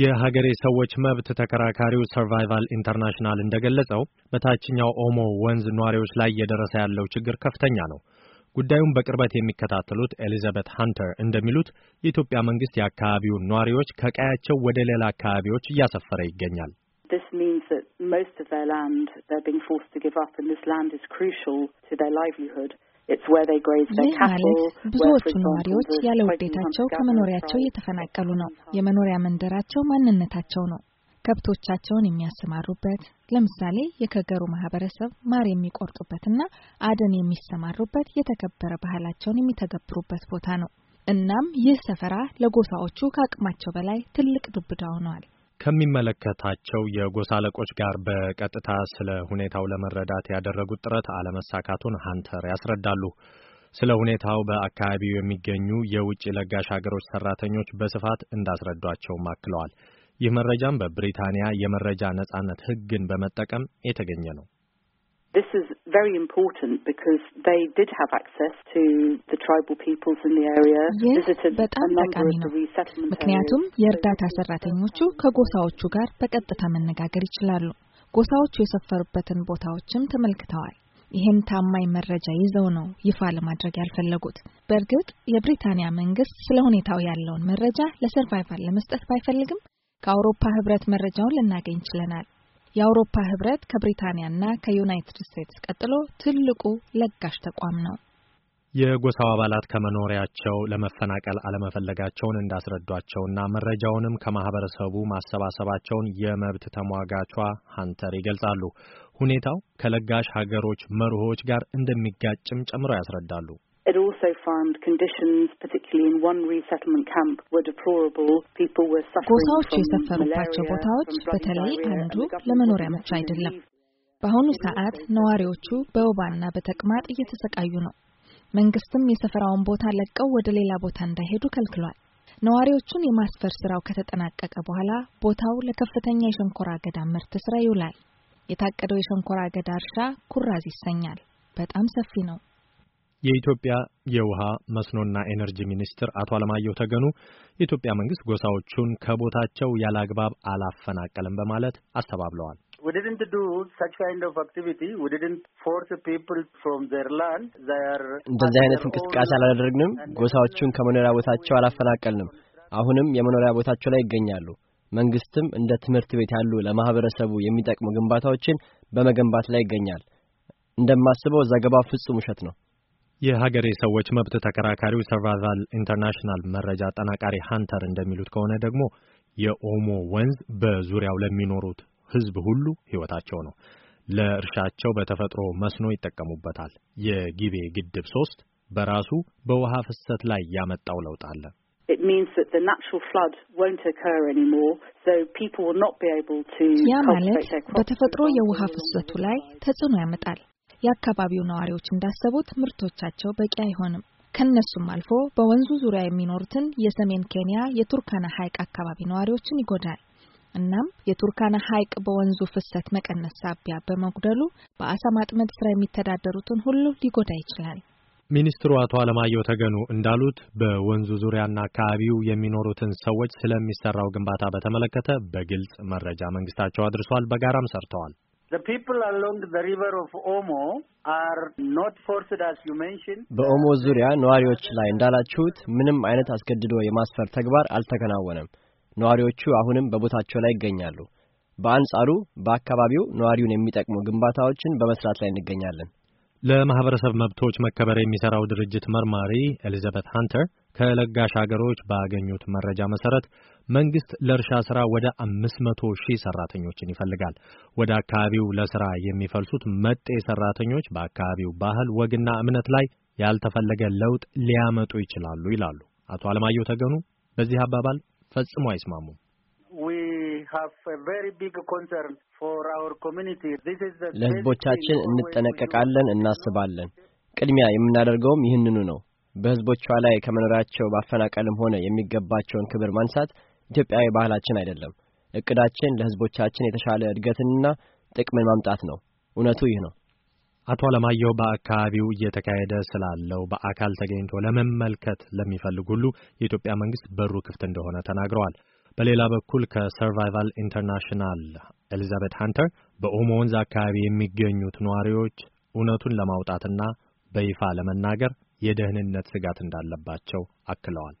የሀገሬ ሰዎች መብት ተከራካሪው ሰርቫይቫል ኢንተርናሽናል እንደገለጸው በታችኛው ኦሞ ወንዝ ነዋሪዎች ላይ እየደረሰ ያለው ችግር ከፍተኛ ነው። ጉዳዩን በቅርበት የሚከታተሉት ኤሊዛቤት ሃንተር እንደሚሉት የኢትዮጵያ መንግስት የአካባቢውን ነዋሪዎች ከቀያቸው ወደ ሌላ አካባቢዎች እያሰፈረ ይገኛል። This means that most of their land they're being forced to give up and this land is crucial to their livelihood. ማለት ብዙዎቹ ነዋሪዎች ያለ ውዴታቸው ከመኖሪያቸው እየተፈናቀሉ ነው። የመኖሪያ መንደራቸው ማንነታቸው ነው። ከብቶቻቸውን የሚያሰማሩበት ለምሳሌ የከገሩ ማህበረሰብ ማር የሚቆርጡበትና አደን የሚሰማሩበት የተከበረ ባህላቸውን የሚተገብሩበት ቦታ ነው። እናም ይህ ሰፈራ ለጎሳዎቹ ከአቅማቸው በላይ ትልቅ ዱብዳ ሆነዋል። ከሚመለከታቸው የጎሳ አለቆች ጋር በቀጥታ ስለ ሁኔታው ለመረዳት ያደረጉት ጥረት አለመሳካቱን ሀንተር ያስረዳሉ። ስለ ሁኔታው በአካባቢው የሚገኙ የውጭ ለጋሽ ሀገሮች ሰራተኞች በስፋት እንዳስረዷቸውም አክለዋል። ይህ መረጃም በብሪታንያ የመረጃ ነጻነት ሕግን በመጠቀም የተገኘ ነው። This is very important because they did have access to the tribal peoples in the area. ይህ በጣም ጠቃሚ ነው፣ ምክንያቱም የእርዳታ ሰራተኞቹ ከጎሳዎቹ ጋር በቀጥታ መነጋገር ይችላሉ። ጎሳዎቹ የሰፈሩበትን ቦታዎችም ተመልክተዋል። ይህን ታማኝ መረጃ ይዘው ነው ይፋ ለማድረግ ያልፈለጉት። በእርግጥ የብሪታንያ መንግስት ስለ ሁኔታው ያለውን መረጃ ለሰርቫይቫል ለመስጠት ባይፈልግም ከአውሮፓ ህብረት መረጃውን ልናገኝ ችለናል። የአውሮፓ ህብረት ከብሪታንያና ከዩናይትድ ስቴትስ ቀጥሎ ትልቁ ለጋሽ ተቋም ነው። የጎሳው አባላት ከመኖሪያቸው ለመፈናቀል አለመፈለጋቸውን እንዳስረዷቸውና መረጃውንም ከማህበረሰቡ ማሰባሰባቸውን የመብት ተሟጋቿ ሀንተር ይገልጻሉ። ሁኔታው ከለጋሽ ሀገሮች መርሆች ጋር እንደሚጋጭም ጨምረው ያስረዳሉ። ጎሳዎች የሰፈሩባቸው ቦታዎች በተለይ አንዱ ለመኖሪያ ምቹ አይደለም። በአሁኑ ሰዓት ነዋሪዎቹ በወባና በተቅማጥ እየተሰቃዩ ነው። መንግስትም የሰፈራውን ቦታ ለቀው ወደ ሌላ ቦታ እንዳይሄዱ ከልክሏል። ነዋሪዎቹን የማስፈር ስራው ከተጠናቀቀ በኋላ ቦታው ለከፍተኛ የሸንኮራ አገዳ ምርት ስራ ይውላል። የታቀደው የሸንኮራ አገዳ እርሻ ኩራዝ ይሰኛል። በጣም ሰፊ ነው። የኢትዮጵያ የውሃ መስኖና ኤነርጂ ሚኒስትር አቶ አለማየሁ ተገኑ የኢትዮጵያ መንግስት ጎሳዎቹን ከቦታቸው ያለ አግባብ አላፈናቀልም በማለት አስተባብለዋል። We didn't do such kind of activity. We didn't force people from their land. They are እንደዚህ አይነት እንቅስቃሴ አላደረግንም። ጎሳዎቹን ከመኖሪያ ቦታቸው አላፈናቀልንም። አሁንም የመኖሪያ ቦታቸው ላይ ይገኛሉ። መንግስትም እንደ ትምህርት ቤት ያሉ ለማህበረሰቡ የሚጠቅሙ ግንባታዎችን በመገንባት ላይ ይገኛል። እንደማስበው ዘገባው ፍጹም ውሸት ነው። የሀገሬ ሰዎች መብት ተከራካሪው ሰርቫይቫል ኢንተርናሽናል መረጃ አጠናቃሪ ሃንተር እንደሚሉት ከሆነ ደግሞ የኦሞ ወንዝ በዙሪያው ለሚኖሩት ሕዝብ ሁሉ ሕይወታቸው ነው። ለእርሻቸው በተፈጥሮ መስኖ ይጠቀሙበታል። የጊቤ ግድብ ሶስት በራሱ በውሃ ፍሰት ላይ ያመጣው ለውጥ አለ። ያ ማለት በተፈጥሮ የውሃ ፍሰቱ ላይ ተጽዕኖ ያመጣል። የአካባቢው ነዋሪዎች እንዳሰቡት ምርቶቻቸው በቂ አይሆንም። ከነሱም አልፎ በወንዙ ዙሪያ የሚኖሩትን የሰሜን ኬንያ የቱርካና ሐይቅ አካባቢ ነዋሪዎችን ይጎዳል። እናም የቱርካና ሐይቅ በወንዙ ፍሰት መቀነስ ሳቢያ በመጉደሉ በአሳ ማጥመድ ስራ የሚተዳደሩትን ሁሉ ሊጎዳ ይችላል። ሚኒስትሩ አቶ አለማየሁ ተገኑ እንዳሉት በወንዙ ዙሪያና አካባቢው የሚኖሩትን ሰዎች ስለሚሰራው ግንባታ በተመለከተ በግልጽ መረጃ መንግስታቸው አድርሷል። በጋራም ሰርተዋል። በኦሞ ዙሪያ ነዋሪዎች ላይ እንዳላችሁት ምንም አይነት አስገድዶ የማስፈር ተግባር አልተከናወነም። ነዋሪዎቹ አሁንም በቦታቸው ላይ ይገኛሉ። በአንጻሩ በአካባቢው ነዋሪውን የሚጠቅሙ ግንባታዎችን በመስራት ላይ እንገኛለን። ለማህበረሰብ መብቶች መከበር የሚሰራው ድርጅት መርማሪ ኤሊዛቤት ሃንተር ከለጋሽ ሀገሮች ባገኙት መረጃ መሰረት መንግስት ለእርሻ ስራ ወደ አምስት መቶ ሺህ ሰራተኞችን ይፈልጋል። ወደ አካባቢው ለስራ የሚፈልሱት መጤ ሰራተኞች በአካባቢው ባህል፣ ወግና እምነት ላይ ያልተፈለገ ለውጥ ሊያመጡ ይችላሉ ይላሉ አቶ አለማየሁ ተገኑ። በዚህ አባባል ፈጽሞ አይስማሙም። ለህዝቦቻችን እንጠነቀቃለን፣ እናስባለን። ቅድሚያ የምናደርገውም ይህንኑ ነው። በህዝቦቿ ላይ ከመኖሪያቸው ማፈናቀልም ሆነ የሚገባቸውን ክብር ማንሳት ኢትዮጵያዊ ባህላችን አይደለም። እቅዳችን ለህዝቦቻችን የተሻለ እድገትንና ጥቅምን ማምጣት ነው። እውነቱ ይህ ነው። አቶ አለማየሁ በአካባቢው እየተካሄደ ስላለው በአካል ተገኝቶ ለመመልከት ለሚፈልግ ሁሉ የኢትዮጵያ መንግስት በሩ ክፍት እንደሆነ ተናግረዋል። በሌላ በኩል ከሰርቫይቫል ኢንተርናሽናል ኤሊዛቤት ሃንተር በኦሞ ወንዝ አካባቢ የሚገኙት ነዋሪዎች እውነቱን ለማውጣትና በይፋ ለመናገር የደህንነት ስጋት እንዳለባቸው አክለዋል።